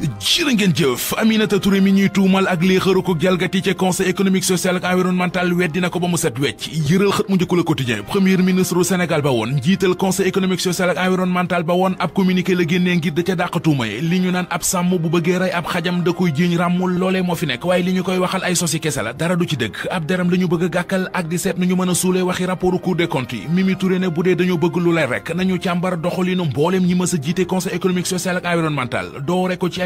jërë ngeen jëf Aminata Touré mi ñuy tuumal ak lii ko jalgati ca conseil économique social ak environnemental weddi na ko ba mu set wecc yëral xët mu njëkk la quotidien premier ministre u Sénégal ba woon njiital conseil économique social ak environnemental ba woon ab communiqué la génnee ngir da ca dàq tuuma yi li ñu naan ab sàmm bu bëggee rey ab xajam da koy jiiñ ràmmul loolee moo fi nekk waaye li ñu koy waxal ay sosi la dara du ci dëgg ab deram la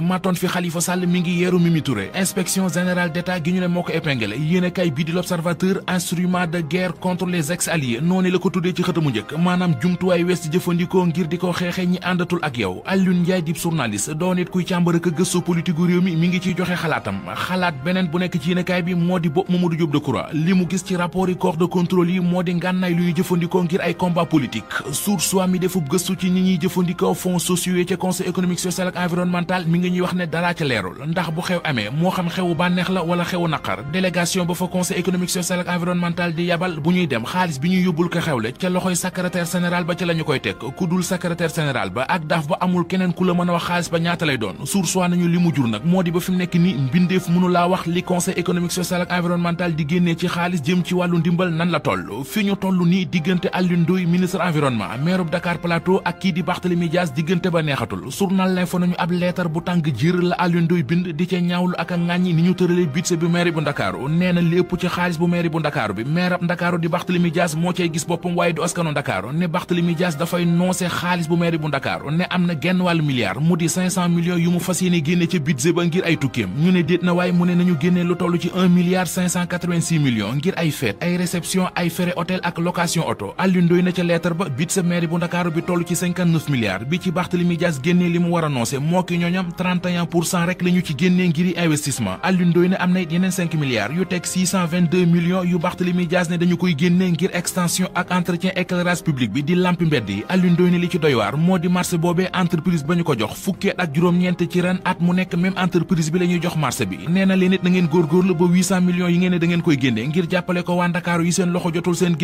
matoon fi Khalifa Sall mi ngi yeeru Mimi inspection générale d'état gi ñu ne moo ko épinglé yéene kay l'observateur instrument de guerre contre les ex alliés noonu la ko tuddee ci xëtamu njëkk maanaam jumtuwaay west jëfandikoo ngir di ko xeexe ñi àndatul ak yow Alioune Ndiaye dib journaliste doo kuy càmbar ak gëstu politique réew mi mi ngi ciy joxe xalaatam xalaat beneen bu nekk ci yéene bi moo di bopp Mamadou Diop Decroix li mu li ñuy wax ne dara ca ndax bu xew amee moo xam xewu bànneex la wala xewu naqar délégation ba fa conseil économique social environnemental di yabal bu ñuy dem xaalis bi ñuy yóbbul ko xewle ca loxoy secrétaire général ba ca la koy teg ku dul secrétaire général ba ak daaf ba amul keneen ku la mën a wax xaalis ba ñaata lay doon sursoi nañu li mu jur nag moo di ba fi nekk ni mbindeef mënu wax li conseil économique social ak di génnee tàng jër la mu di 500 millions mu fas yéene génne ca budget ba ngir ay tukkeem ñu ne déet na waaye mu ne nañu génne lu toll ci 1 milliard ngir ay fête ay réception ay frais hôtel ak location oto Alioune na ca lettre ba budget mairie bu Ndakaaru bi toll ci 59 bi ci Barthélémy Dias génne li mu war noose moo ki ñooñam rek la ci génnee ngiri investissement Alioune Ndoye am na it yeneen milliards yu teg millions yu Barthélémy Dias ne dañu koy génnee ngir extension ak entretien éclairage public bi di lampi mbedd yi Alioune Ndoye li ci doy moo di marché boobee entreprise ba ñu ko jox fukkeet ak juróom-ñeent ci ren at mu nekk même entreprise bi la jox marché bi nee leen it na ngeen góorgóorlu ba millions yi ngeen ne da ngeen koy génnee ngir jàppale ko waa Ndakaaru yi seen loxo jotul seen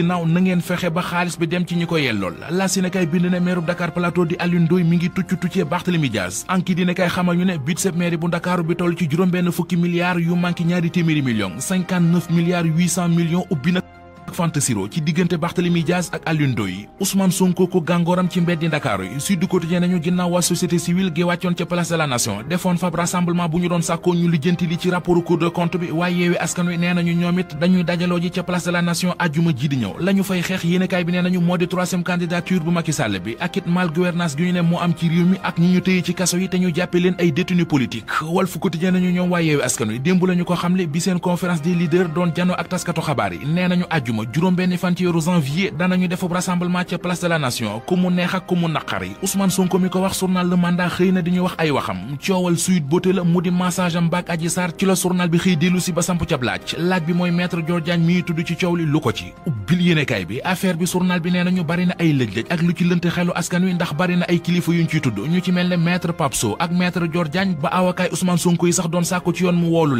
ñu ne budget mairie bu ndakaaru bi toll ci juróom benn fukki milliards yu manqué ñaari téeméeri millions cinquante neuf milliards huit cent millions ubbi na Fanta Siro ci diggante Barthélemy Diaz ak Alioune Ndoye Ousmane Sonko gàngooram ci mbeddi Ndakaaru yi Sud Quotidien nañu ginnaaw waa société civile gi wàccoon ca place de la nation defoon fab rassemblement bu ñu doon sàkkoo ñu lijjanti li ci rapport Cour des comptes bi waaye yeewi askan wi nee nañu ñoom it dañuy dajaloo ca place de la nation ajjuma ji di ñëw la fay xeex yéenekaay bi nee nañu moo di troisième candidature bu Macky bi ak it àjjuma juróom-benn fan ci yoru janvier danañu defub rassemblement ca place de la nation ku mu neex ak ku mu naqari Ousmane Sonko mi ko wax journal Le xëy na di ñu wax ay waxam coowal Sweet Beauté mu di massage am baak Adji ci la journal bi xëy dellu ba samp cab laaj laaj bi mooy maître Dior Diagne tudd ci coow li lu ko ci ubbil yéenekaay bi affaire bi journal bi nee nañu bari na ay lëj-lëj ak lu ci lënt xelu askan wi ndax bari na ay kilifa ba awakaay Ousmane Sonko yi sax doon sàkku ci yoon mu woolu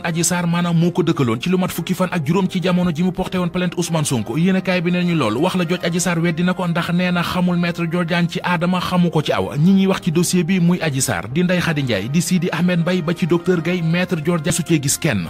woon Adji Sarr maanaam moo ko dëkkaloon ci lu mat fukki fan ak juróom ci jamono ji mu porté woon plainte Ousmane Sonko yéenekaay bi nee loolu wax la jooj Adji Sarr na ko ndax nee na xamul maître Diordiane ci aadama xamu ko ci awa ñi ñuy wax ci dossier bi muy Adji Sarr di Ndeye Khady Ndiaye di Sidi Ahmed Mbaye ba ci docteur Gaye maître Diordiane su cee gis kenn